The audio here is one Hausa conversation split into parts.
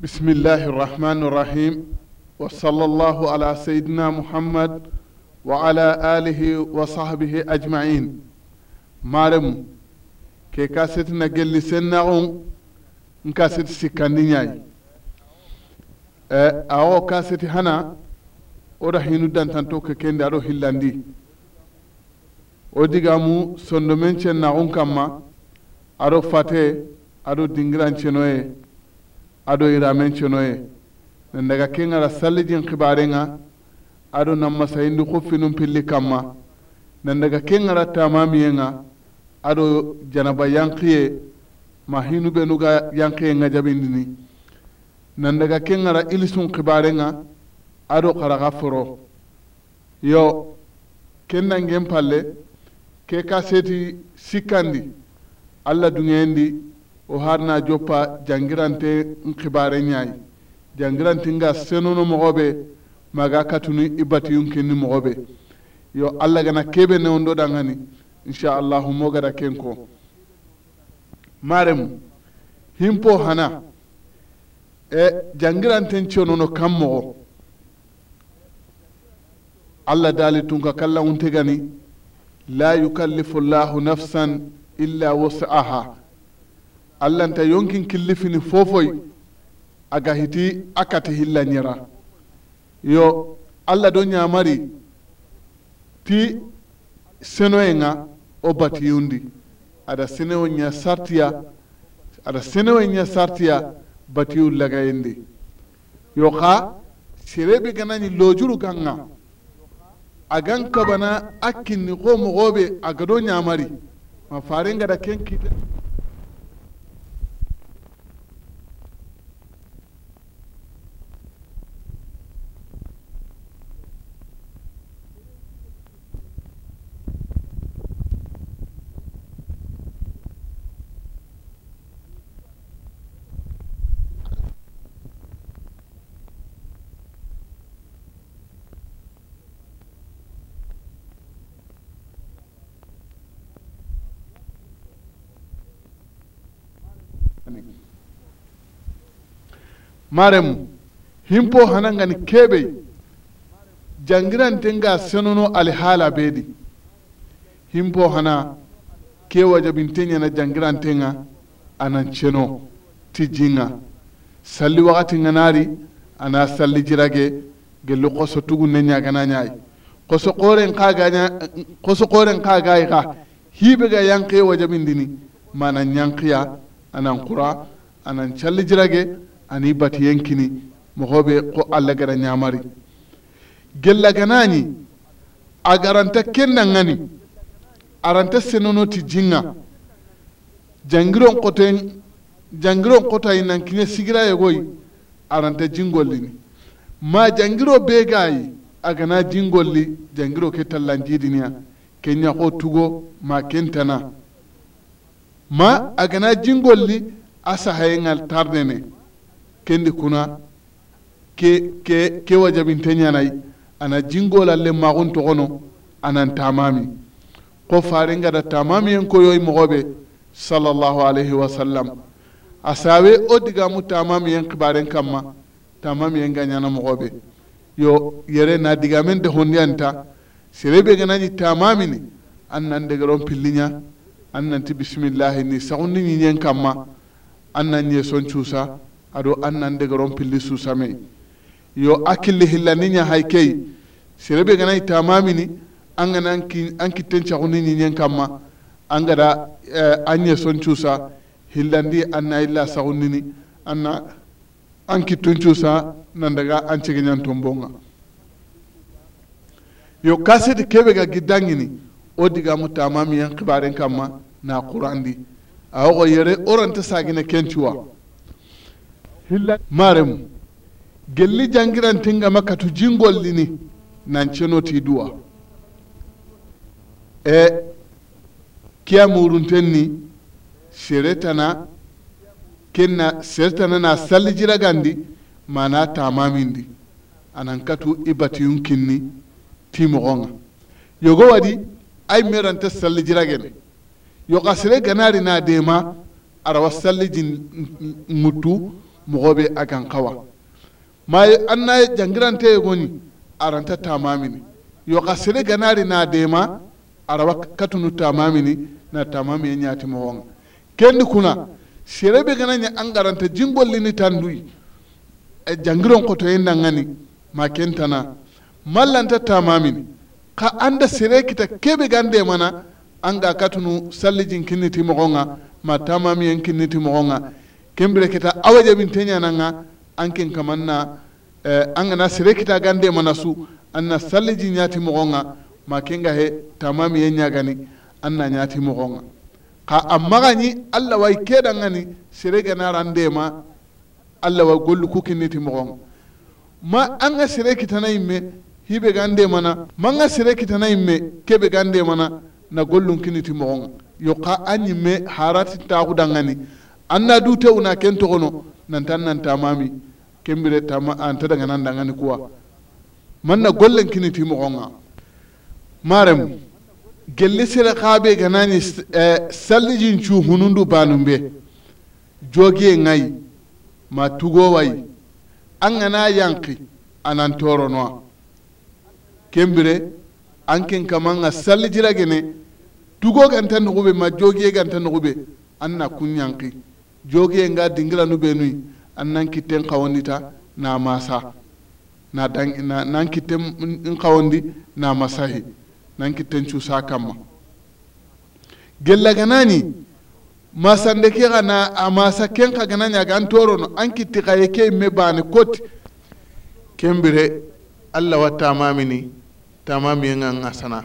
bismillahi irrahmani irrahim ala seydina muhammad wa ala alihi wa sahbihi ajmain maremu ke ka setina gelli eh, hana oda hinu dantanto ke kendi aɗo hillandi o ado iramen cenoye nan daga kengara sallijin kibarenga ado nan masa indi huffinun pilli kamma nan daga kengara tamamiyenga ado janaba yankiye ma hinu benuga yankiyenga jabindini nan daga kengara ilisun kibarenga ado karaga foro yo kendangeen palle ke ka seti sikandi allah dungeyendi o harna joppa jangirante n xibare ñayi jangiranti nga senono moxoɓe maga katunu i batiyun kinni moxoɓe yo allah gana keɓe do dangani insha inchallahu mo gada ken ko maremu himpo hana e jangiranten cenono kam moxo allah dali tun ka kalla gani la yukallifu llahu nafsan illa wasaaha allanta yonkin killifini fofoy aga hiti akati hillanyira yo allah do ñamari ti senoye ŋa wo batiyundi ada senewo ya sartiya ada senewo ña sartiya batiyu lagayindi yo xa serebe ganani lojuru gan ŋa a gan kabana a ni ko moxoɓe a gado ñamari ma faren gada ken mu himpo hanangani keɓey jangirantenga senono alihala bedi himpo hana ke wajabinteñana jangirantenga anan ceno ti jinga salli wakati nganari naari ana salli jirage gelu koso nenya gana nyai koso koren kagaña koso koren kagayi ka hibe ga yankewa jabindini mana nyankia anan kura anan challi jirage ani batiyen kini mɔgɔ bɛ ko allah gara ñamari ni a garanta ŋani aranta ti jinga jangiron kota jangiron kotayi nan kine sigira yogoyi aranta jingollini ma jangiro be gayi a gana jingoli jangiro ke jidiniya kenya ko tugo ma kentana ma a gana jingoli a sahayengal tardene kendi kuna ke ke ke wajabinte ñanayi ana jingolalle maxun toxono anan tamami ko farengada yi mɔgɔ moxoɓe sallallahu alaihi wa sallam a sawe o digamu tamamiyen xibaren kamma tamamiyen mɔgɔ moxoɓe yo yere na diga digamen de hondiyanta ni tamami ni an nan pilli nya an ti bisimilahi ni saxundi ñiñen kamma an nan ñe son cuusa ado annan degaron su same yo hakkille hillani ña hay key serebe ganayi tamamini an gana an kitten cahuni ñiñen kamma an gada eh, an ye son cuusa hillandi an na illa sahunini an na an kittun cuusa nan daga an cegeñan tombonga yo di kebe ga ni o digamu tamamiyen kibaren kama na qurandi awoxo yere oranta sagine kencuwa maremu gelli jangirantinga makka to jingolli ni nancenoti duwa e kiya kenna na mana tamamindi anan katu yogo wadi ay yoga ganari na dema arawa mutu mɔgɔ bɛ a kan kawa maye an na jangirante goni aranta tamamini yo ka sere ganari na dema arawa katunu tamamini na tamami e ti mogonga kendi kuna sere gana ña an garanta jingollini tanduyi e jangiron na nangani ma na mallanta tamamini ka anda sere kita kebe gande mana an ga katunu salli jinkinniti mogonga ma tamamiyen kinniti mogonga kembire keta awa jabin nga an ken kamanna eh, an gana sire kita gande mana su an na salliji ñati mogonga ma kenga he tamamiye gani an na nyati mugonga ka a gani allah way keɗangani sere ganara ma allah wa gollu kukinniti mugonga ma an ga kita kitanayin me hibe gande mana man ga kita kitanayin me kebe gande mana na gollun kiniti mogonga yoka an ñimme harati gudangani anna du una ken togono tan nan tamami kembire tama ta daga nan dangani kuwa man na gollen kini ti gonga marem gelle sere khabe ganani eh, sallijin chu hunundu banumbe joge ngai ma ma wai an gana yanki anan toronoa kembire an ken kaman ga sallijira gene tugo gantan nuxube ma joge gantan nuxube an na kun yanki jogiye nga be ɓenuyi an nan kitten ta na masa na dan na nan kitten in kawandi na masahi nan kitten cusa kamma masan de ke gana a masa ken ka gana ñaga an no an kitti kay ke me bani kot kembire allah wa tamamini tamamiyenga ŋa sana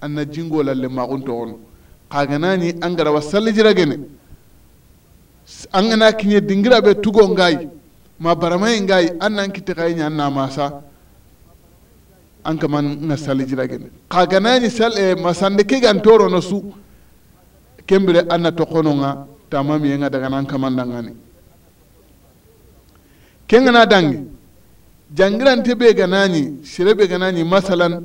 an na jingo lalle maxun toxono an angara wa jira gene an gana kinye dingira ɓe tugo ngayi ma baramayi ngayi an nan kitte nya ñan na masa an kaman nga jira gene kaganani sal e eh, masande ke gan no su kembire an na tokono nga tamamiye nga daga nan kaman dangani ke ngana dangi jangirante ɓe ganani sere ɓe ganani masalan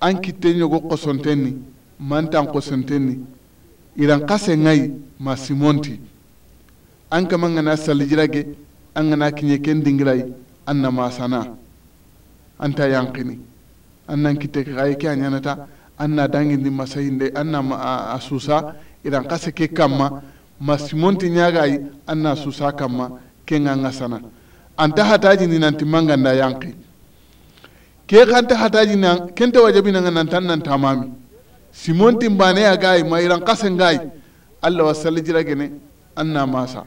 an kitte ñogo kosonten ni mantan kosonten ni iran kase ngai ma simonti an kama ngana jirage an ngana kinye ken dingirai an na masana an ta yankini an nan kite kai ke anyanata an na dangin di masayinde an na asusa iran kase ke kama ma simonti nyagai an na susa kamma ke nganga sana an ta hataji ni nanti manganda yanki ke kan ta hataji nan kente wajabi na nan tan nan tamami simontin bane a gayi iran kasen gayi allah wasalli jira gene an na masa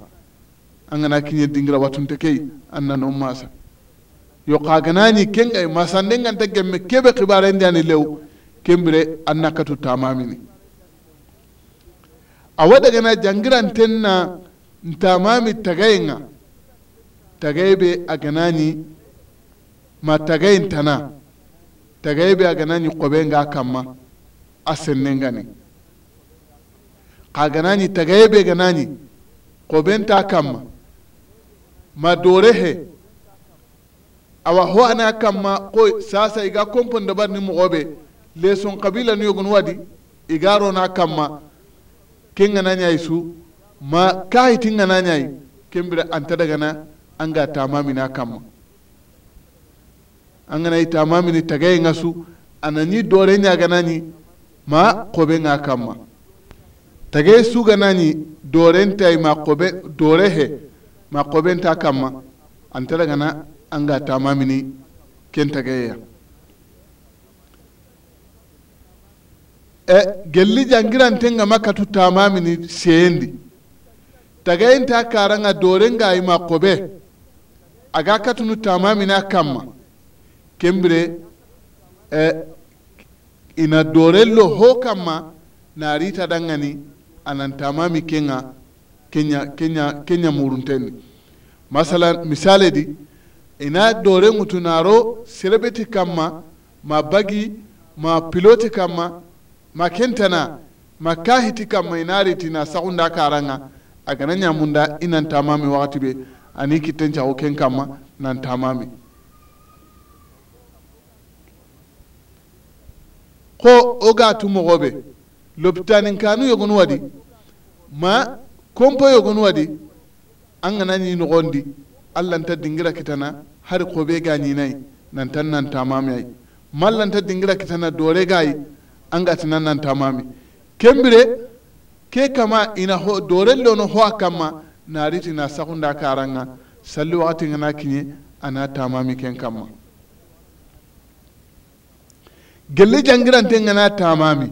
an gana kinye dingira watun ta kai an na non masa yo ni ken gayi masanden ganta gemme kebe kibare da ni lew kembire an na katu tamamini a wada gana jangiran tenna ntamami tagayin ga tagayi be a gana ni ma tagayin tana tagayi be a gana ni kobe nga kama asennengani kaganani tagayebe ganani benta kamma ma he awa ho ana kamma ko sasa iga kompon dabarni mogoɓe leson kabila ni yogun wadi igarona kamma ken gananyayi su ma kai kayitin gananyayi kembira anta an ta tamamina kamma an ganayi tamami ni nga su anani dore ñaganani ma kobe nga kama tage suganani dorentai ma kobe dore he ma kobenta kamma antara gana an ga tamamini ken ya e gelli jangirantenga makkatu tamamini seyendi tagayinta karanga dorengayi ma kobe aga katunu tamamini a kamma kembire eh, ina dorello ho kamma rita dangani anantamami kenga kenya kenya kenya murunteni masalan misale di ina dore ŋutu naaro serebeti kamma ma bagi ma piloti kamma ma kentana ma kahiti kamma ina tina saunda karanga a gana ɲamunda inan tamami wakati be ani kitten cago ken nan nantamami ko o ga tu mogo be lopitanin kanu yogonu wadi ma kompo yogonu wadi an gana ni nogondi allah ta dingira kitana hari kobe ga ni nantan nan mallan ta dingira kitana dore gayi an tan nan tamami kembire ke kama ina ho dore lono ho a na riti na sakunda karanga salli wakati ngana kiñe ana tamami ken kama. gelle te ngana tamami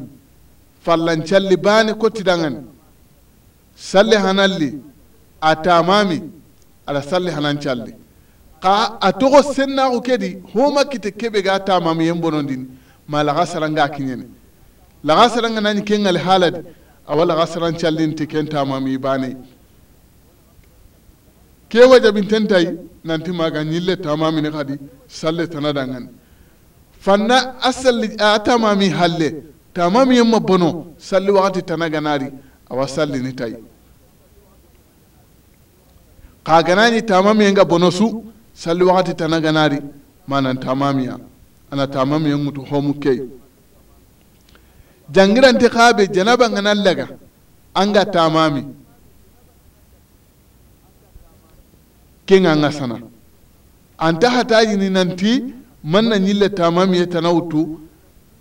fallancalli bani kottidangani salli hanalli a tamami ala salli hanancalli ka a togo sennaku kedi homa kite kebe ga tamami yen bonondini ma laga saranga a kiñene laga saranga nañi kengali haaladi awa laga te ken tamami bani ke tentai nanti maga tamami ne kadi salle tana dangani fanna asalli a tamami halle tamami yamma bono salli wakati tana ganari awa salli ni tai ka ganani tamami yanga bono su salli wakati tana ganari manan ya ana tamami yang mutu homu kei jangiranti kabe janaba nganan laga anga tamami kenga ngasana anta hataji ni nanti manna ñille tamamiye utu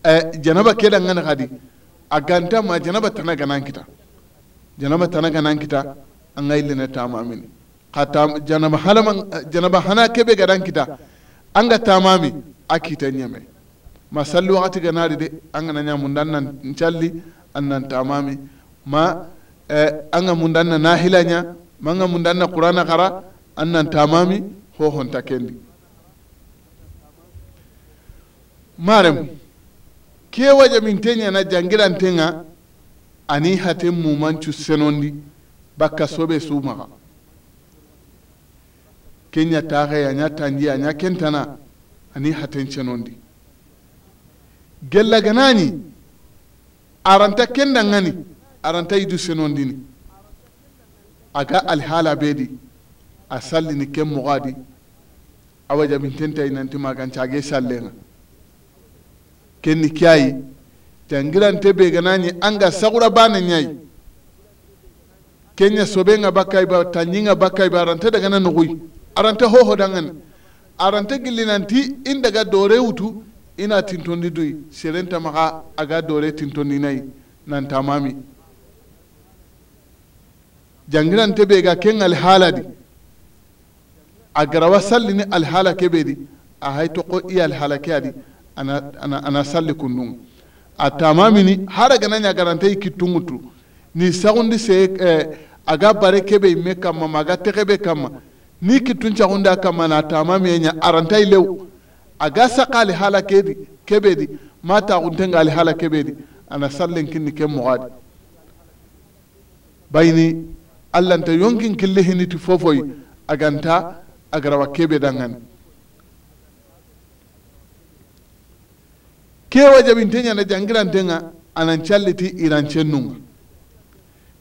eh, janaba ke dangana xadi a ganta ma janaba tana ganan kita janaba tana ganan kita an ga illene tamamini janaba halama janaba hana kebe ganan kita an ga tamami a kita ñeme ma salli waxati ganari de an gana ñamunda an nan calli an nan tamami ma eh, an ga munda an na nahilaña ma an ga munda an na qurana xara an nan tamami hohonta kendi marem ke waja na teñana jangirantenga ani haten mumancu senondi bakka sobe sumaxa ke ña a ña a ña kentana ani haten senondi gellaganani aranta kendangani aranta yidu senondini aga alhala bedi a sallini ken moxadi awajaminten tayi nanti magan sallenga kenni kiyayi tangirante be ganani anga sagura bana nyai kenya sobe nga bakkay ba tanyi nga bakkay ba arante daga na nuguy arante hoho dangan arante gillinanti in daga dore wutu ina tintondi dui serenta maka aga dore tintondi nai nan mami jangirante be ga ken alhaladi agarawa sallini alhala kebedi a hay ko iya alhala ke adi ana, ana, ana salli kundunga a tamamini ya garanta yi i mutu ni di se eh, ga bare kebe me kama ma aga be kama ni kittun cagundi da kama na tamamiye ya aranta yi lew a ga saka hala kebe kebedi ma ta ga alihala hala kebedi ana sallen kinni ken moxadi bayini allanta yonkin ni ti fofoyi a a garaba kebe dangane kewa na ñana tenga anan calliti irancennunga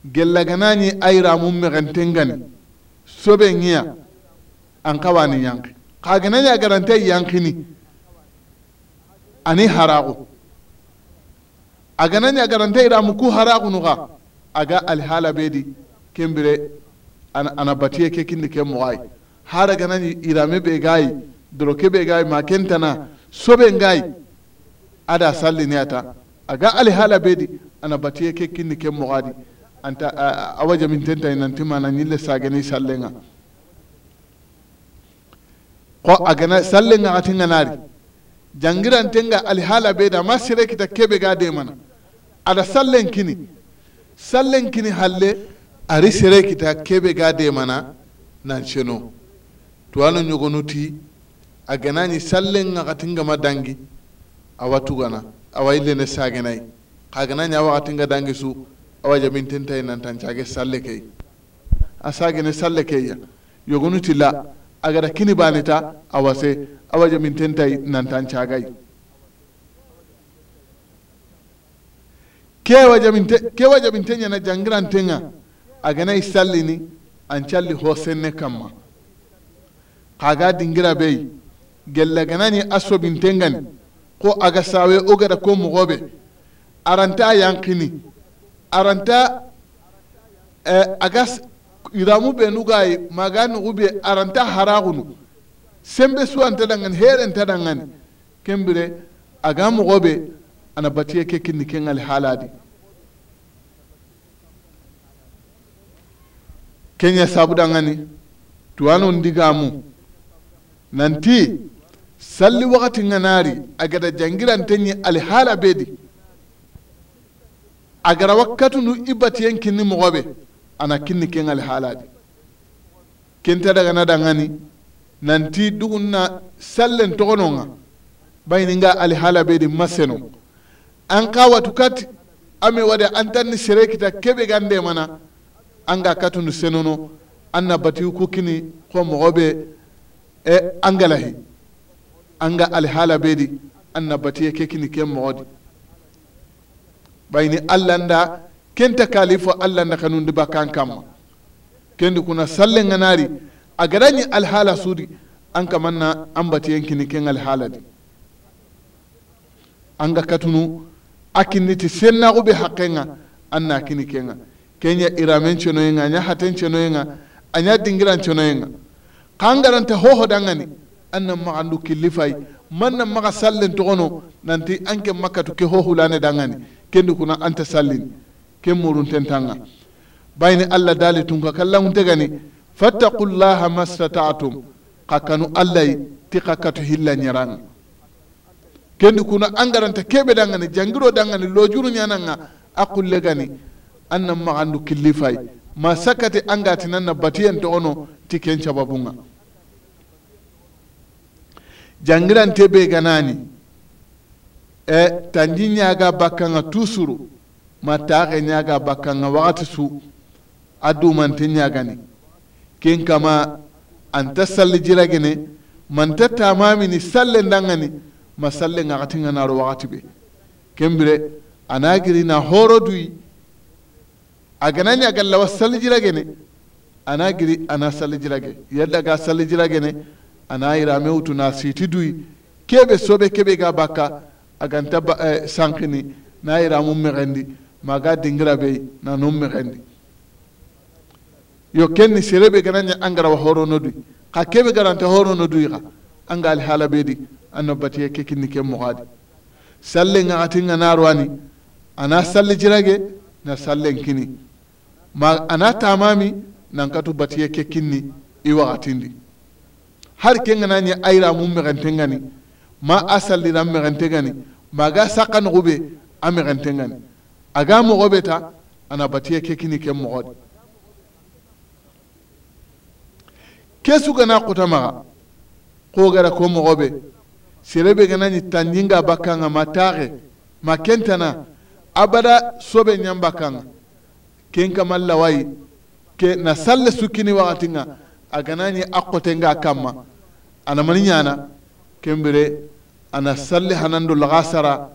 gellaganañi gan mexentengani sobe ngiya an kawani yanki xaganaña garante ni ani haraku a ganaña garante ramu ku a aga alihala bedi kembire ana batiye ke kindi ke moxayi hara ganañi irame be gayi doroke be gayi ma kentana sobe ngayi ada salli ne ata ga ali hala bedi ana batiye ke kini ke mogadi anta waje min tenta yin lissa gani salli nga ko a gana nga ati nga nari jangiran tenga ali hala bedi amma sire kita kebe ga de mana ada sallen kini sallen kini halle ari sire kita kebe ga de mana na nan cheno tuwano a gana ni nga sallenga nga madangi dangi awa tugana awa illene sagenai kagana ɲa wakatinga dangi su awa jamintentai nantancage salle kei a sagene salle ya yogonu tilla agada kini banita awase awa jamintentai nantancagai kewa jaminte kewa jaminte ɲana jangirantenga aganai sallini ancalli ho senne kama kaga dingira bei gellaganani asobintengani ko aga sawe o gada ko mogoɓe aranta yankini aranta eh, aga iramu ɓe nugayi maga nugu aranta haragunu sembe suwanta dangani herenta dangani kembire aga mogoɓe ana batiye ke kinni kengali haladi kenya sabu dangani tuwano ndigamu nanti salli wakati ŋa naari a gada jangirante ñi alihaala be di nu ibati yen kinni ana kinni ken alihala di kenta dagana daŋani nanti dugun na sallen togono nga bayini nga alihala bedi di maseno an kawatu watu kati ame wade an sere kita kebe gande mana an ga katunu senono an na batiyu ko mogo e angalahi anga alhala bai di anna batiye ke kini ken moxodi bayini allanda kenta kali fo allanda kanundi bakkan kamma kendi kuna sallenganari a gadañi alhala di an na an batiyen kini ken alhala di an ga katunu a kinniti sennaxuɓe haqqenga an na kini kenga kenya iramen cenoyenga a ña haten cenoyenga a ña dingiran cenoyenga xan garanta hohodangani annan maga ndu killifay man nan maga sallin togono nanti anke makatu ke hohulane dangani kendi kuna anta sallin ken murun tentanga bayni allah dali tun ka tegani fattaqullaha mastatatum ka kanu allahy ti ka katu kendi kuna angaranta kebe dangani jangiro dangani lojuru nyananga a qulle gani annan magandu killifay ma sakati angati angatinanna batiyen to ono ti ken cababunga jangirante be ganani e tandi ñaga bakkanga tusuru ma taxe ñaga bakkanga waxati su a dumante ñagani kin kama anta salli jiragene manta tamamini salle ndangani ma salle ngaxatinga naro waxati be kembire ana girina horo duyi a gana ñagallawa salli jiragene ana giri ana salli jirage yadda ga salli jiragene ana wutu na siti duyi kebe sobe kebe ga baka aganta ba, eh, sankini na yira yiramu mexendi maga dingira be nanu mexendi yo kenni serebe gananya angarawa horono duyi ka kebe garanta horono duyi xa anga alihala be di anno batiye ke kinni ke moxadi salle ŋaxatinga narwani ana salli jirage na sallen kini ma ana tamami katu batiye kekini iwa i waxatindi har kenga nani ayra mum megantengani ma asallira megantengani maga saka nugube a megantengani aga mogobe ta ana batiye kekini ken mogodi ke sugana kutamaga kogara ko ko mogobe serebe ganani tandinga bakkanga ma taxe ma kentana abada sobe ñan bakkanga ken kamallawayi ke na salle sukkini waxatinga a ganani a qotenga kamma ana mani ñana kembire ana salli hanando laga sara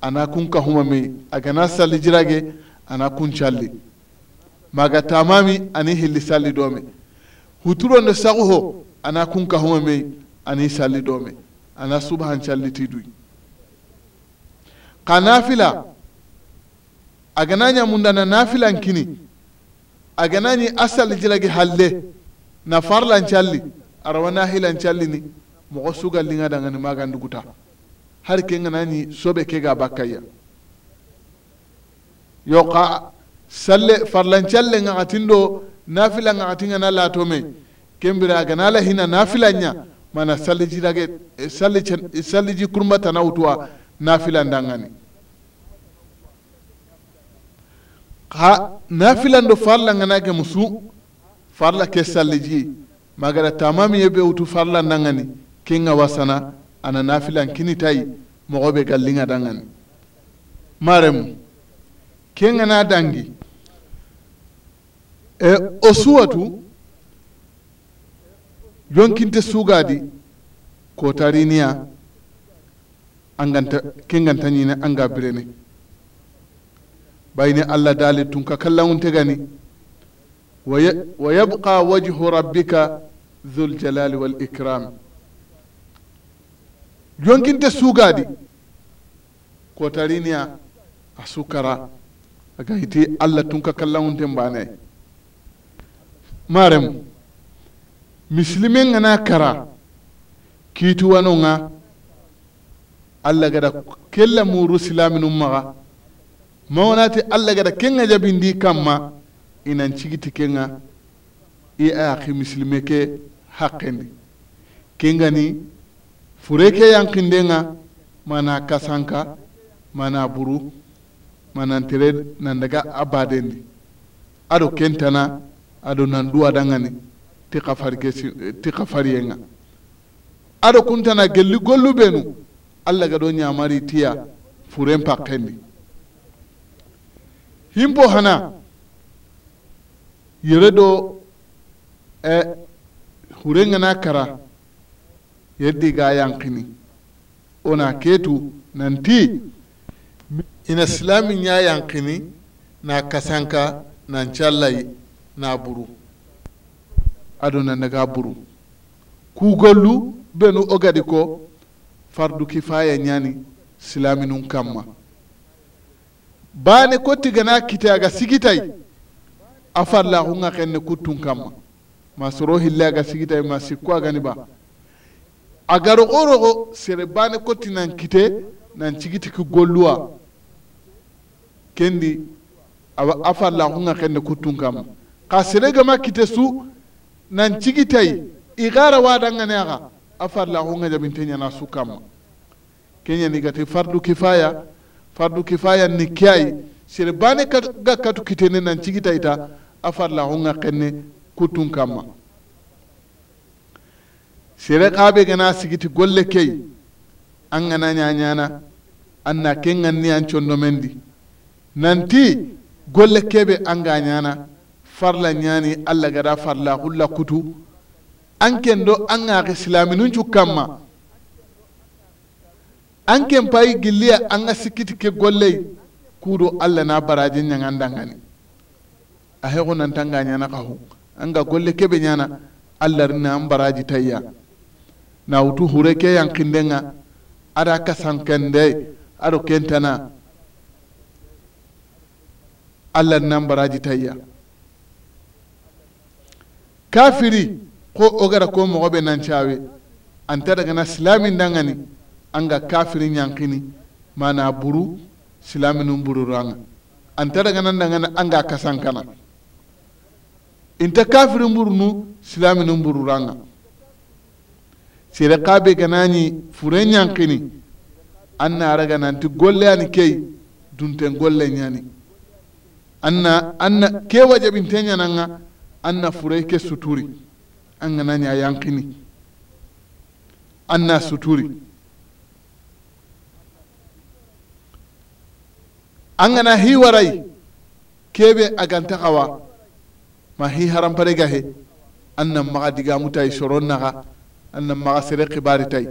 ana kun kahuma mi a gana salli jirage ana kun calli maga tamami ani hilli salli domi huturonde sagu ho ana kun kahuma mi ani salli domi ana subhan calli tiduy ka nafila a gana ñamundana nafilan kini a ganañi a salli jirage halle na farlan calli arawana hilancallini mogo sugallinga dangani duguta, har ke ganani sobe ke ga bakkaya yoka salle farlancalle gakatin do nafila atinga na latome kembira agana la hina nya mana salliji dage eh, salliji eh, kurmbata nawtuwa nafilan dangani ha nafilan do farla ganake musu farla ke salliji magara tamam ye bewutu farla nangani kinga wasana ana nafilan kinitayi mogo be gallinga dangani maremu kinga na dangi e o suwatu jonkinte sugadi ko tariniya anganta kenganta ñine anga birene bayni allah dalitun ka kallawunte gani ويبقى وجه ربك ذو الجلال والإكرام يمكن دي كوتارينيا أسوكرا أكايتي ألا تنكا كلاون تنباني مارم مسلمين أنا كرا كيتو ونونا ألا غدا كلا مورو سلامي نمغا موناتي ألا غدا كنجا بندي كاما inan cigiti kenga i axi misilime ke haqendi kengani fure ke yankindenga mana kasanka mana buru mana tere nan daga abadendi ado kentana ado nan duwa dangani ti kafariyenga ado kuntana gelli gollu benu allah ga do ñamari tiya furen pakkendi himpo hana yere do e hurenga na kara yeddi ga yankini ona ketu nanti ina silamin ya yankini na kasanka nan callayi na buru adona daga buru kugollu benu ogadi ko fardu kifaya ñani silaminun kamma baane ko tigana kitaga sigitay a farlaxunga xenne kuttun kamma ma soro hille aga sigitay ma sikku ba a garo oroxo sere bane koti nan kite nan cigitiki golluwa kendi a farlaxunga xenne kuttun kamma xa sere ma kite su nan cigitay i xara wadangane axa a farlaxunga jabinte ñana su kamma ni gati fardu kifaya fardu kifaya ni kiyayi sere bane ga katu kite kitene nan cigitayta hunga kenne kutun kama sere kabe gana sigiti golle kei an gana ñañana an na ken ganni an condo mendi nanti golle kebe an ga ñana farla nyani alla gada farla hulla kutu an ken do an ga silaminun cu kama an ken payi gilliya an ga sikkiti ke golle kudo alla na baraji ñagandangani a hego nan tanga nyana kahu an ga golle kebe nyana allah na an baraji tayya na wutu hure ke yankindenga ada kende ado kentana allah na an baraji tayya kafiri ko ogara ko mogo be nan cawe daga na silamin dangani ga kafiri ɲankini mana buru ta bururu na anta an dangana kasan kana. inta kafirin burunu silaminin bururanga sere kabe ganani furen yankini anna araga nanti golle ani kei dunten golle nyani anna anna ke wajabin tenya nanga anna fure ke suturi an ganani yankini anna suturi an na hiwarai kebe aganta kawa ma hi harampare gahe an nan maxa digamutay soron naxa an nan maxa sere xibaritay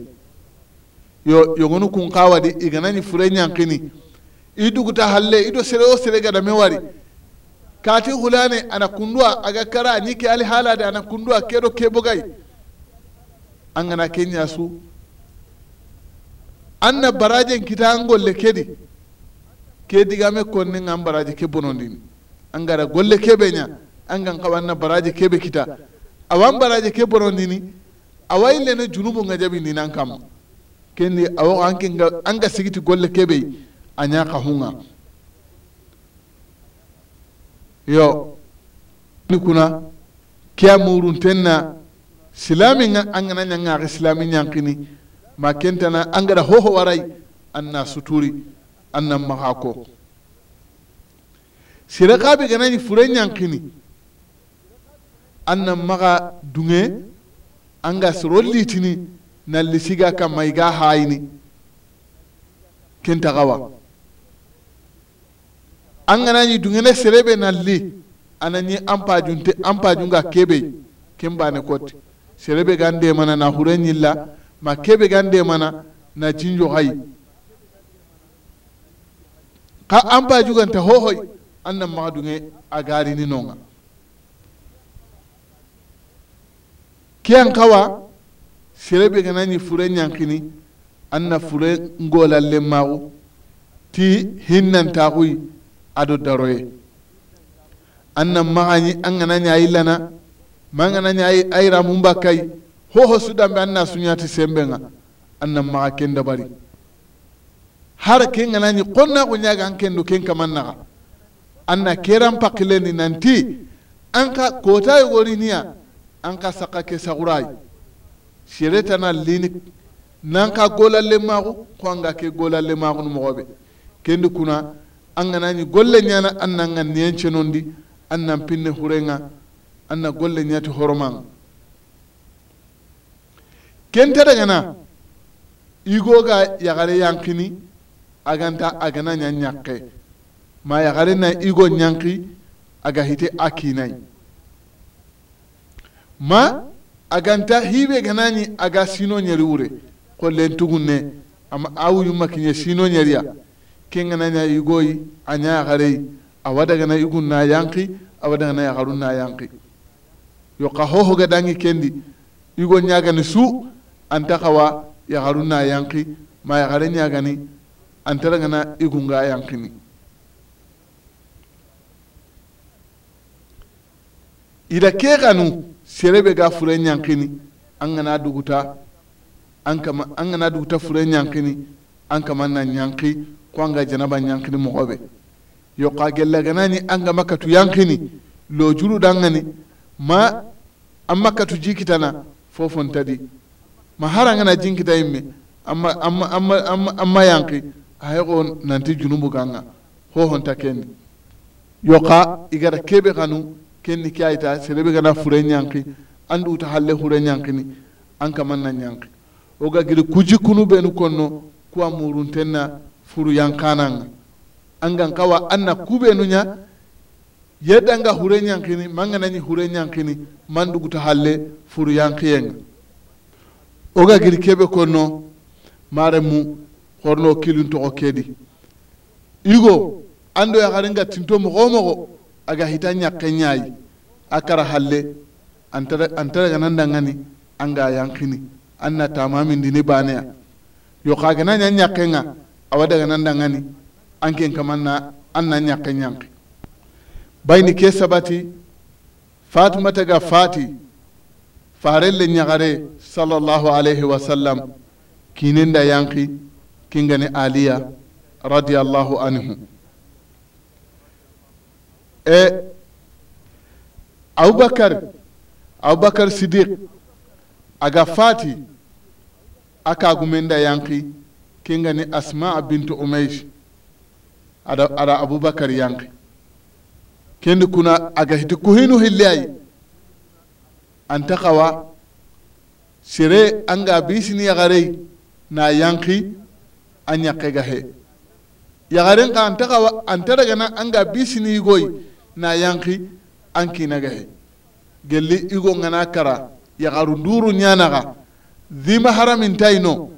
yo yogonu kun xa wadi i ganani fure ñankini i halle i sere o sere gadame wari kati hulane ana kunduwa aga kara ni ke ali halade ana kunduwa kedo kebogay an gana kenya su an na barajen kita an golle kedi ke digame konni an baraje ke bonondini an gara golle kebe nya An angan baraji ke kebe kita a awan baraji ke borondini awa illene junubu nga jabi ninan kam kendi awa an ga sigiti golle kebe nya ka hunga yo ni kuna kiya murun tenna silami nga angana nga ga silami kini ma kenta na an angara hoho warai na suturi anna mahako sira kabi ganani fure nyankini anna maga dunge anga soro litini ka siga kamma haini hayini kentagawa an ganañi dungene serebe li anani anpajunte anpajunga kebe ken ne kotti serebe gande mana na hure ñilla ma kebe gande mana na jinjo hai ka anpajuganta hohoy an nan maga dunge a garini nonga kiyan kawa serebe ganani fure an na fure ngolallen maxu ti ta hinnantaxuy ado daroye anna an gana ganani a lana ma ganani a ba kai hoho sudanbe sembe nga an nan maxa ken dabari har ni ganani qonnaxu ñaga an kendo ken kaman an na keran nan ti an ka kota niya. an ka saka ke sagurai sere na lini nan ka le mago ko an ga ke le mago no mogobe kendi kuna an ga nani golle nyana an nan ga niyanche nondi an nan pinne hurenga an na golle nyati horomanga kenta daga na igo ga gare yankini aganta agana nyanyakke ma gare na igo nyanki aga hite akinai ma aganta hiɓe ganani aga sino ñeri wure qollen ne ama awuyumma kiñe sino ya ken ganana yigoyi a ñaxareyi awa dagana igun na yanki a awa gana yaxarun na yanki yo hoho ga dangi kendi igo ñagani su anta xawa yaxarun na yanki ma yaxare ñagani anta dagana ga yankini ida ke xanu serebe ga fure ñankini an kana duguta an kana duguta fure ñankini an kama na ko an janaba ñankini mɔgɔ yoqa yo ka gellagana ni an kama katu yankini lo dan gani ma amma katu jikitana fofon tadi ma har an kana jinkita yimme amma amma amma amma, amma yanki ayo nanti junubu ganga hohon takendi yo ka igara kebe kanu kenni ke ayita serebe gana fure ñanki andu uta halle hure ñankini an kaman na ñanki o ga giri kuji kunu benu konno kuwa murunten na furu yankananga an gan kawa an na kubenu ña yedanga hure ñankini manganañi hure ñankini manduguta halle furu yankiyenga o ga giri kebe konno mare mu horno kilun toxo kedi igo ando yaxarenga tinto moxo moxo aga hita ñakke ñaayi a kara halle antara ganan dangani anga yankini an na tamamindini baneya yo xa gana ña ñakkenga awa daganan dangani anken kaman na an na ñakke ñanki bayni ke sabati fatimata ga fati farelle ñagare sallallahu alayhi wa sallam kinenda yanki kingani aliya radiallahu anhu et abubakar abubakar sidik aga fati aka gumenda yanki kinga ni asma bintu umaish ada, ada abubakar yanki kendi kuna aga hiti kuhinu hillayi anta sire anga bisini yagarei na yanki an yakke gahe yagaren ka anta kawa na anga bisini yigoyi na yanki an gahe gelli igo ngana kara yagaru nduru ñanaga zima haramintayino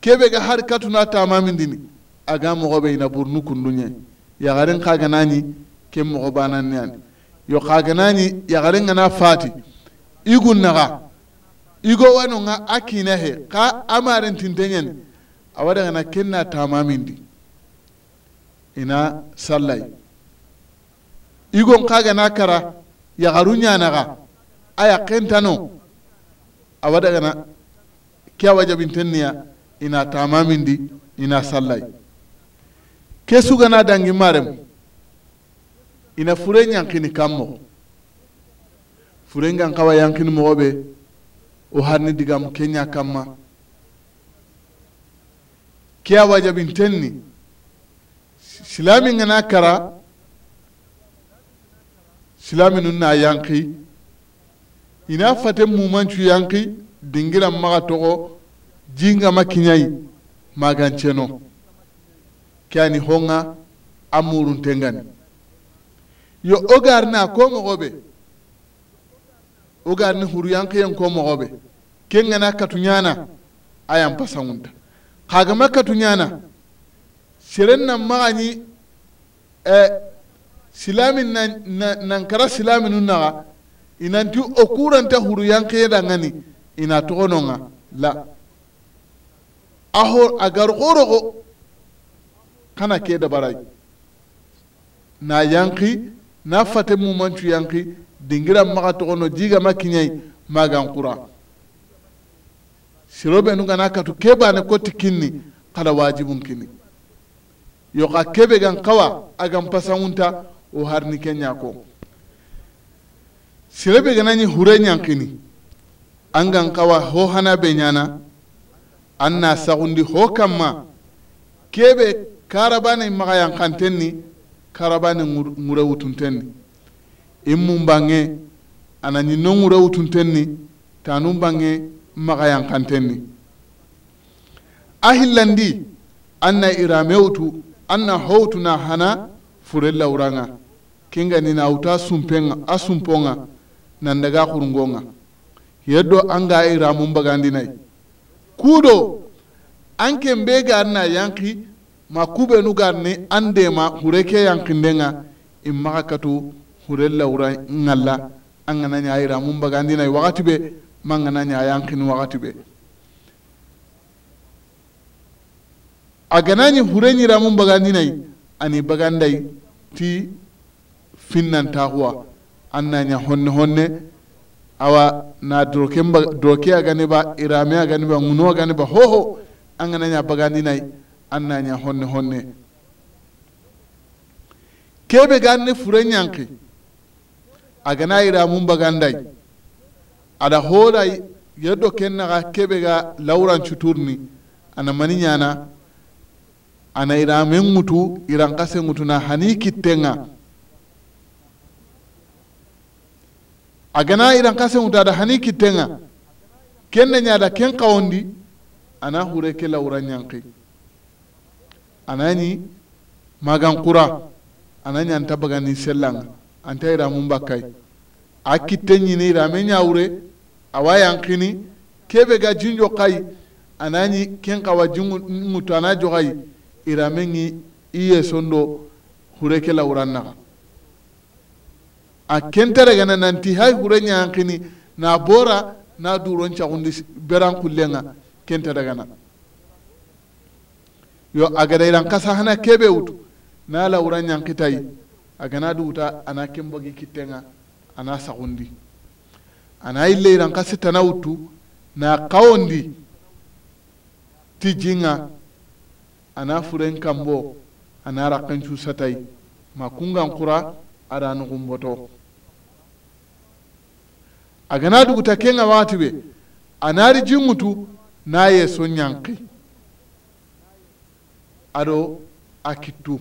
kebe ga har katuna ta dini aga gobe ina burnu garin yagaren kaganañi ke mo bananni ani yo ya garin ngana fati igun naga igo wano nga a he ka amarin awada ngana kenna ta mamin tamamindi ina sallay igon kagana kara ya na yagaru ñanaga aya kentano awa dagana ke awa jabintenniya ina di ina sallay ke sugana dangimarem ina fure ñankini kam furen fure ngan kawa yankini mogo ɓe o harni digam ke ña kamma ke awa jabintenni silami gana kara silami nun na yanki ina fate mumancu yanki dingiran maga togo jingama kiñayi maganceno kani honga amuruntengani yo o garna ko mogoɓe o garni huruyankiyen ko mogoɓe kengana katuñana ayan pasangunta kagama katuñana seren nan magañi eh, silami nankara silami nu ta huru o da ngani ina toxononga la aho a ko kana ke barai na yanki na fate mu mumancu yanki dingira maxa toxono jigama ma magan qura sirobe nu gana tu ke ba ne ko kinni kada wajibun kini yo ka kebe gan kawa a gan o harnike ñako sirebe ganañi hure ñankini an gan kawa ho hana be ñana an na sagundi ho kamma kebe karabane magayan kanten ni karabane ŋure wutunten ni in mun bange anani no ŋure wutunten ni tanun bange magayan kanten ni a hillandi an na irame wutu an na ho wutu na hana furella wuraŋa kenga nina wuta sumpenga a sumponga nan daga kurungonga yadda an ga ai ramun bagandinai kudo an kembe ga na yanki ma kube nu ga ne an de ma hureke yankin denga in maka kato hurella wura ngalla an gana nya ai ramun bagandinai wakati be man gana nya yankin wakati be a hure ganani hureni ramun bagandinai ani bagandai ti finnan finnantaxuwa an na naña honne honne awa na doke mba doke aganiba irame aganiba ŋuno aganiba hoho an ganaña bagandinayi an na naña honne honne kebe gan ni fure ñanki agana iramum bagandayi ada horayi yeddo ken naxa kebe ga lauran laurancuturni ana mani ñana ana iramen mutu iran kase ŋutuna hani kittenga a gana iran kasenŋutada hani kittenŋa ken na ñada ken kawondi ana hure ke lawura ñanki anani magan kura ana ñanta bagani sellanga anta iramun bakkay a kitte ñini irame ñawure awa yankini kebe ga jinjo kayi anani ken kawa jinŋutu ana jogayi irame ŋi i sondo hure ke lauran naga a kentere gana nanti hay hure ñankini na bora na duron cagundi beran kullenga kentere gana yo agada iran kasa hana kebe wutu na lawura ñankitayi agana duguta ana kenbogi kittenga ana sagundi ana ille iran kasi tana wutu na kawondi ti jinga ana furen kambo ana rakencu satayi ma kungan kura ada nugun boto a agana duguta kenga wati be a anari mutu na yeso ñanki aɗo a kittu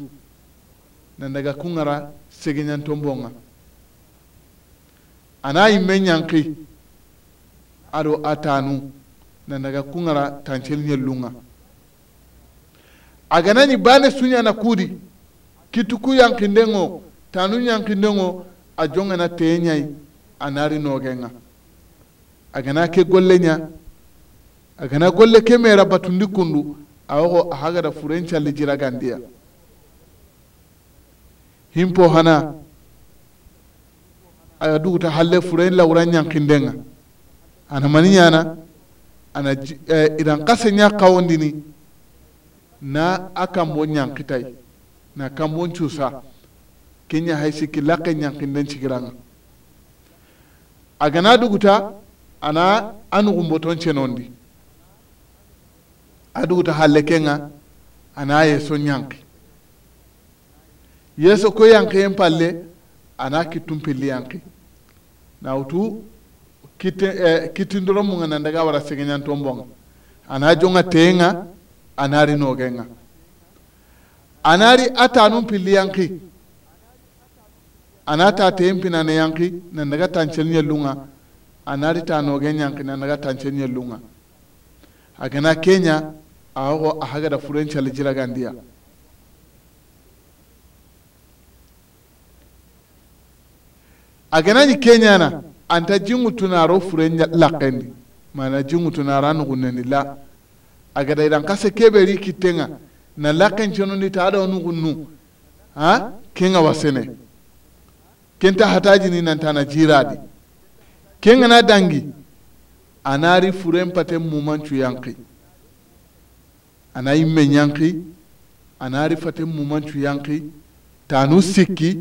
daga kungara segeñantombonga ana yimme ñanki aɗo a tanu na daga kungara tancel ñellunga aganani bane na kudi kittu ku yankin yankindengo tanu yankindengo a jongana teyeñayi anari naari noogenga ke golle nya agana golle ke mera batundi kundu a woxo axa gada furen calli jiragandiya himpo hana aya duguta halle furen eh, nya kindenga ana mani ñana ana eh, idan kase ña ni na a kambo kitai na kambo cusa ke haisi hay sikki kindenchi ñankinden a gana duguta ana a nuxunboton cenondi a duguta halle kenga ana yeso ñanki yeso ko yankiyen palle ana kittum pilli yanki nawutu kitte eh, kittindoro munga nan daga wara segeñanton bonga ana jonga teyenga anari nogenga anari atanum pilli yanki anata tem pina ne yanki na naga tancel nyelunga anari ta no gen yanki na naga tancel nyelunga agana kenya awo a haga da furen chal jira gandia agana ni kenya na anta jingu tunaro furen lakendi mana jingu tunara no gunani la agada idan kase keberi kitenga na laken chono ni ta da onu gunnu ha kenga wasene ken ta kenta hatajini nantana jiradi ken gana dangi anari furen paten mumancu yanki ana yimme yanki anari faten mumancu yanki tanu sikki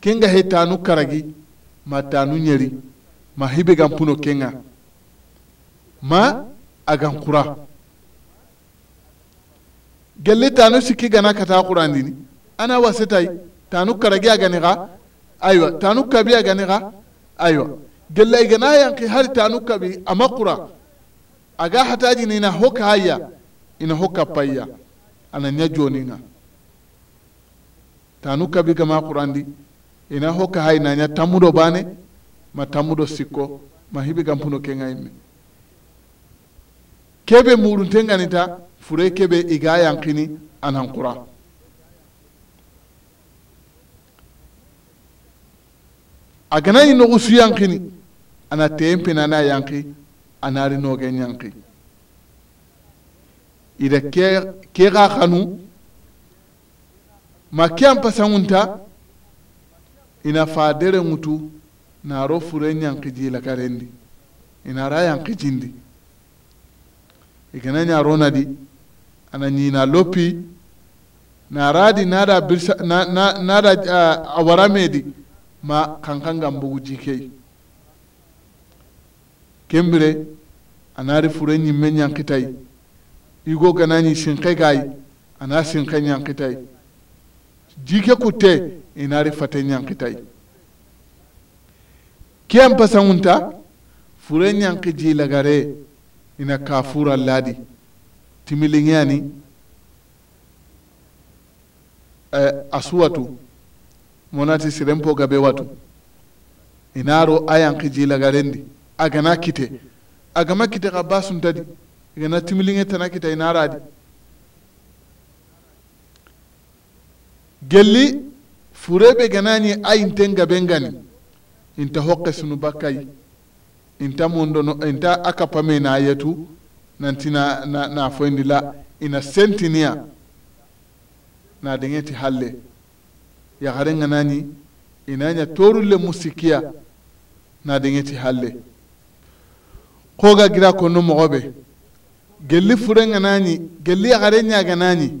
kenga he tanu karagi ma tanu ñeri ma hibe gan puno kenga ma a gan kura gelle tanu sikki gana kata kurandini ana wasetai tanu karagi a gani xa aywa tanu kabi a gani xa aywa gella i gana yanki hari tanu kabi a ama qura aga hatajini ina ho kaaya ina ho kappayya ana ña joninga tanu kabi gama qurandi ina ho kaha ina ña tammudo bane ma tammudo sikko ma hibi gampuno ke ngayimme kebe muruntenganita fure kebe iga yankini anan kura. a gana ganañi noxusu yanqini ana teyen penana yanqi a naari noogen yanqi ida ke ke xa xanu ma ke an pasanŋunta ina fa dere ŋutu naaro furen yanqi jilakarendi inara yanqi jindi igana ñaronadi ana ñina loppi naaradi nada birsa na, na, na na nada uh, awaramedi ma kankanga mbugu jikei kembire anari fure ñimme ñankitai igo ganañi sinke gayi ana sinke ñankitai jike kutte inari fate ñankitai kiyan pasangunta fure ñanki ji lagare ina kafura ladi timiliŋeyani eh, asuwatu monati sirenpo gabe watu inaro ayanki jilagarendi agana kite agama kite ka basuntadi igana timilinŋe tana kita inaradi gelli furebe ganani inten gaben gani inta hokke sunu bakkayi inta mondono inta akapame na yetu nanti na, na, na foyindi la ina sentiniya na deŋeti halle yagarenga nani inaña le musikiya nadeŋeti halle koga gira konno mogoɓe gelli furenga nani gelli yagarenñaga nani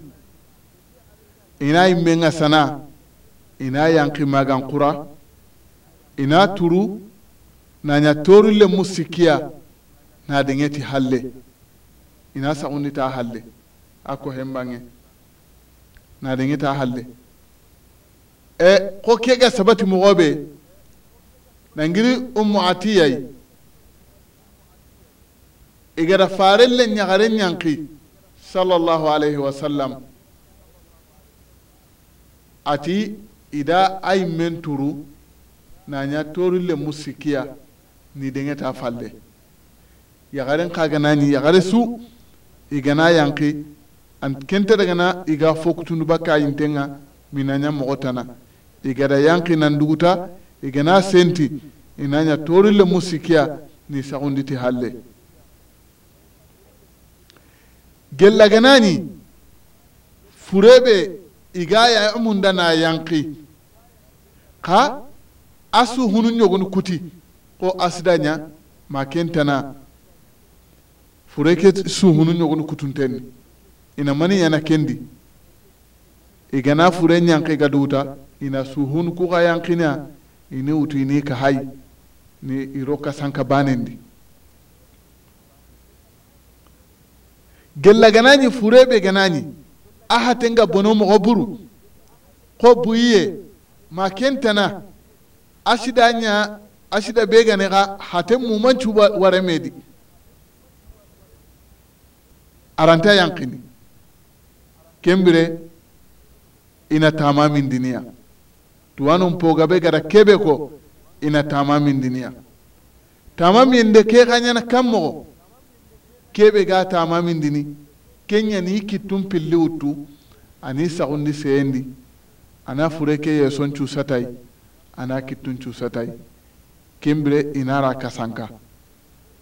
ina yimmenga sana ina magan kura ina turu naña le musikiya nadeŋeti halle ina sagunita halle a ko hembange nadeŋita halle e ko kega sabati mogo be nangiri ummu atiyai igara faren le ñagare ñanki sallallahu alaihi wa sallam ati ida ay menturu turu nya toru le musikiya ni ka falle yagaren ya yagare su igana yanki an kente na iga fokutunu baka yintenga minanya mogo tana igada yanki nan duguta igana senti inanya torille mu musikiya ni sagunditi halle gellaganani furebe iga yamunda na yanki ka asu hunu ñogun kuti ko asidaña ma kentana fureke su hunu ñogun kutuntenni ina mani yana kendi igana fure ñanki ga duguta ina suhun kuxa yankinia ini wutu ini kahayi ni iro kasanka banendi gella ganañi furebe ganani a hatenga bono moxo buru xo buyiye ma kentana a sida ña a sida be gane xa haten mumancu waremedi aranta yankini kembire ina tamamin min diniya tuwanun pogabe gada kebe ko ina tama min diniya tama de ke xañana kam kebe ga tama dini kenñani i kittun pilli wuttu ani saxundi seyendi ana fure ke yeson cusatay ana kittun cusatay kembire inara kasanka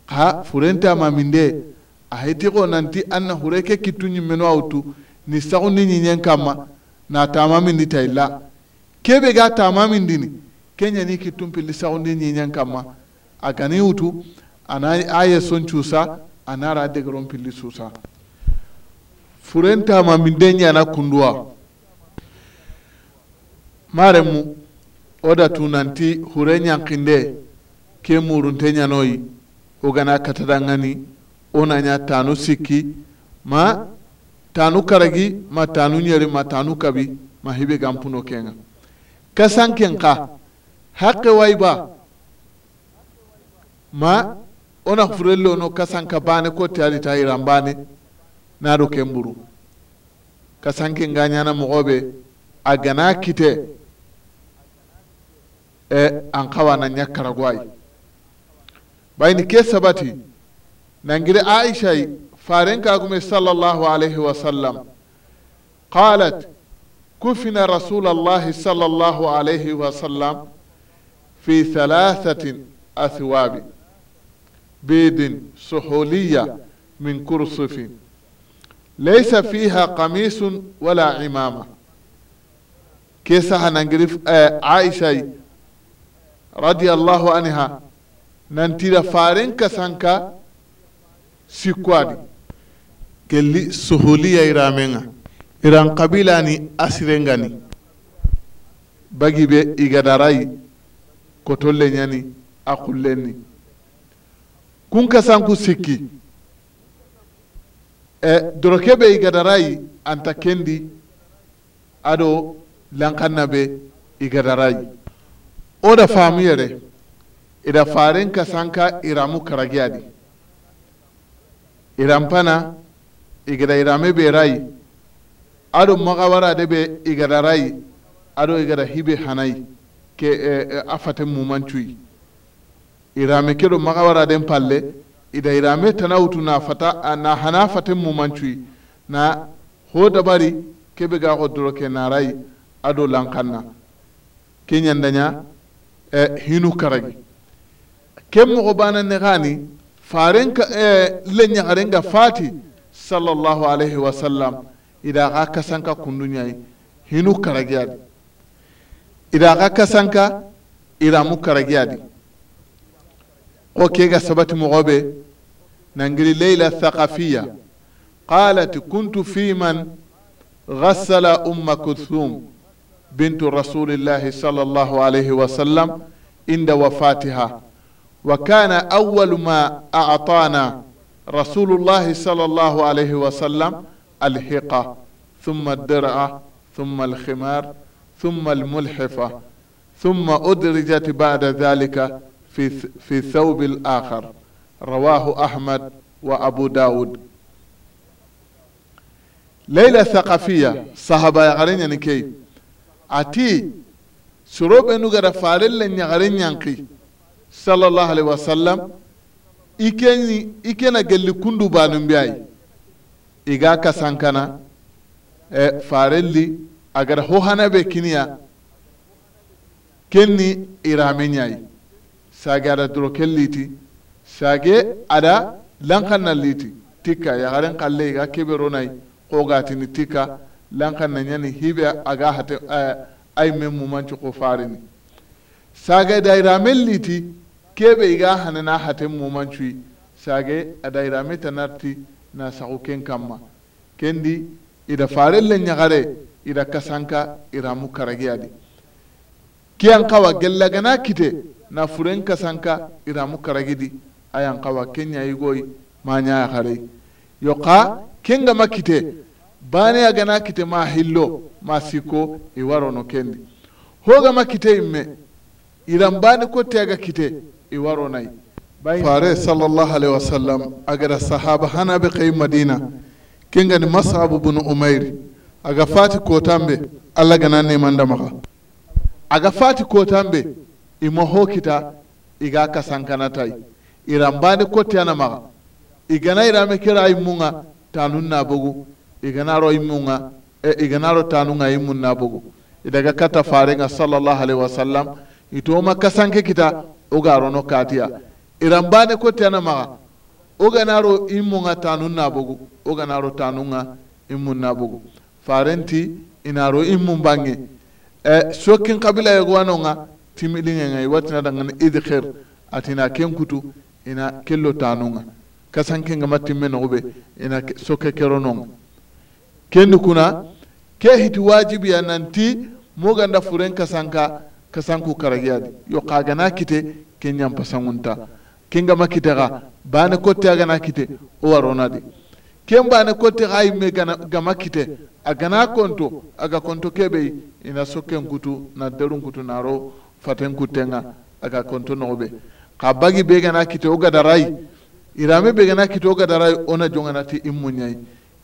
ha furenta maminde a heti xo nanti anna fureke hure nyimeno kittu ñimmeno wuttu ni saxundi ñiñen kanma na tama min di kebe ga tamamin dini kenya ni ki tumpi kitumpilli ni ñiñan kamma a gani utu ana aye son ana ra cuusa anara degeron pilli suusa furen tamamin de kundua mare mu oda tu nanti hurenya kinde ke murunte noi o gana katadangani ona nya tanu siki ma tanu karagi ma tanu nyeri ma tanu kabi ma hibe gampuno kenga ka haƙe wai ba ma ona furen ka no ka bane ko tiyali ta yiran bane naɗo kenburu kasanke nga na mogoɓe a gana kite e an kawana bai ni ke sabati Aisha yi faren kagume sallallahu alaihi wa qalat كفن رسول الله صلى الله عليه وسلم في ثلاثة أثواب بيد سحولية من كرصف ليس فيها قميص ولا عمامة كيس هنعرف عائشة رضي الله عنها ننتظر فارن كسانكا سيكوادي كلي سهولية رامينا iran kabilani bagi bagibe igadarai kotolle ñani a kullenni kun kasanku sikki e dorokebe igadarai anta kendi ado lankanna be igadarai o da faamu yere ida faren kasanka iramu karagiyadi iran pana igada irame be rai. aɗo magawara de be igada rai aɗo igada hibe hanai ke eh, e, a mumancuyi irame keɗo magawara den palle ida irame tanawutu na fata na hana faten mumancuyi na ho dabari kebe ga ko doro ke narai ado lankanna ke ñandaña eh, hinu karagi ken mogo bananne farenka faren eh, le ñagarenga fati sallallahu alaihi wasallam ida ga kasanka kundunyai hinu karagiyadi ida ga kasanka iramu karagiyadi ko ke ga sabati mogobe nangiri leila thaqafiya qalat kuntu fi man ghassala umma kulthum bintu rasulillahi sal allahu alayhi wasallam inda wafatiha wa kana awalu ma atana rasulu llahi sal allahu alayhi wasallam الحقة ثم الدرعة ثم الخمار ثم الملحفة ثم أدرجت بعد ذلك في, في ثوب الآخر رواه أحمد وأبو داود ليلة ثقافية صحابة يغرين ينكي أتي سروب أنو غدا فارل لن يغرين ينكي صلى الله عليه وسلم إكينا قل كندو بانم بياي iga kasankana e farelli agar ho hanabe kiniya kenni iramenyai ñayi sage ada doro kelliti sage ada lankanna liti tikka yagaren kalle iga keberonayi kogatini tikka lankanna nyani hibe aga hate e, ay men mumancu ko farini sage da irame liti kebe iga hanana hate mumancuyi sage ada irame tanarti na saxu ken kanma kendi ida farelle ñaxare ida kasanka iramu karageyadi kiyan kawa gellagana kite na furen kasanka iramu di ayan kawa kenya yigoyi mañaya xarey yoqa kengama kite baniya gana kite ma hillo ma siko iwarono kendi hogama kite imme iran bani kotte kite iwaronai. fare sallallahu alaihi wasallam agada sahaba hana bi kai madina kengani masabu bin umairi aga fati kotambe allah gana a aga fati kotambe imo hokita iga na maka i gana igana rame kira munga tanun na bugu i imunga e iganaro i mun na bugu daga kata farenga sallallahu alaihi wasallam kasan kasanke kita ugarono katiya iran bane ko tena maga o ganaro in munga na nabogu o ganaro tanunga in mun nabogu farenti inaro in mun bange e sokkin kabila yegowanonga watina iwatina dangana idhir atina kenkutu ina kello tanunga kasankenga matimme ube ina soke non kendi kuna ke hiti wajibiya nanti moganda furen kasanka kasanku karagiyadi yo kagana kite kenyan pasangunta kenga makitaxa bane kotte a gana kite o di ken bane kotte xa yimme gama kite a gana konto aga konto kebe ina sokken kutu na derun kutu naro faten kuttenga aga konto noxobe xa bagi be gana kite wo gadarayi irame be gana kite wo gadarayi na jonganati i muñayi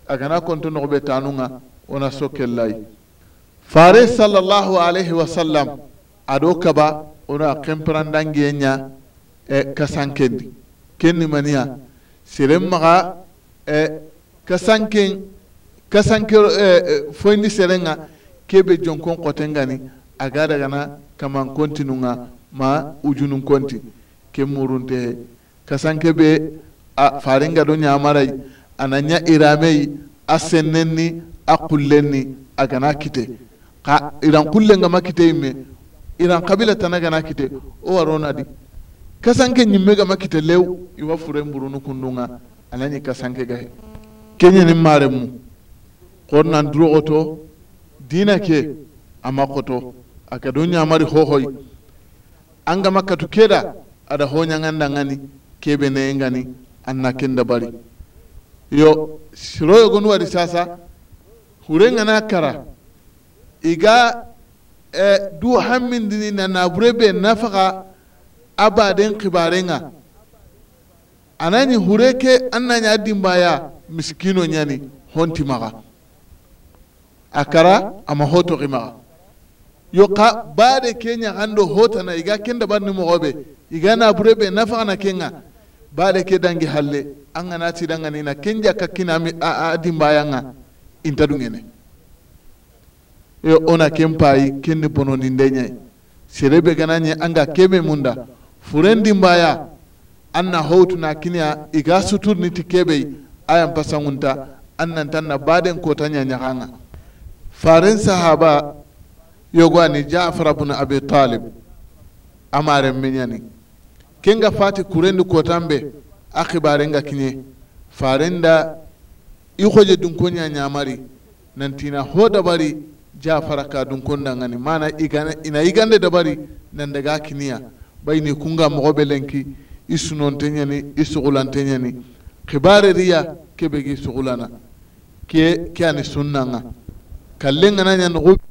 a gana konto noxobe tanunga wona sokken layi fare sallallahu alaihi wasallam ado kaba wona xempirandangiye e kasankendi kenni maniya seren maga e kasanken kasanke e, e, foyindi serenga kebe jonkon kotengani aga dagana kaman kontinunga ma ujunun konti ke murunte kasanke be a a do ñamarai irame yi a ni a ni a gana kite ka iran kullenga ma kite imme iran kabila tana gana kite o di. kasanke ñimme gama kite lew iwa fure mburunu kundunga anani kasanke gahe keñeni mare mu xor nan duroxoto dina ke ama xoto a kadu ñamari hohoy an gama katu keda ada hoñangandangani kebe neyengani an na kenda bari yo siroyogonu wadi sasa hurengana kara iga eh, du hammindini na nabure be abaden kibarenga anani hureke annanya dimbaya miskino nyani honti maga akara ama hoto maga yoka bade kenya hando hota na iga kenda banni mogobe iga na burebe nafa na kenga bade ke dangi halle an gana ti danga ni na kenja ka kina mi a, a dimbaya nga inta dungene yo ona kempayi kende bono ndenya serebe gananye anga kebe munda furendi mbaya anna howtuna kiniya iga suturni ti keɓey ayan pasangunta an nan tan na baden kota ñañaxanga faren sahaba yogo ani jafar bnu abi talib amaren miñani kenga fati kurendi kotan be a xibarenga kiñe farenda i xoje dunkoña ñamari nantina ho bari jafara ka dunkondangani mana igana ina yigande dabari nan daga kiniya bayni kunga mogo be lenki i sunonte ɲani i sugulante ɲani xibareriya kebe gi sugulana ke ke ani sunna kallen ŋana ɲa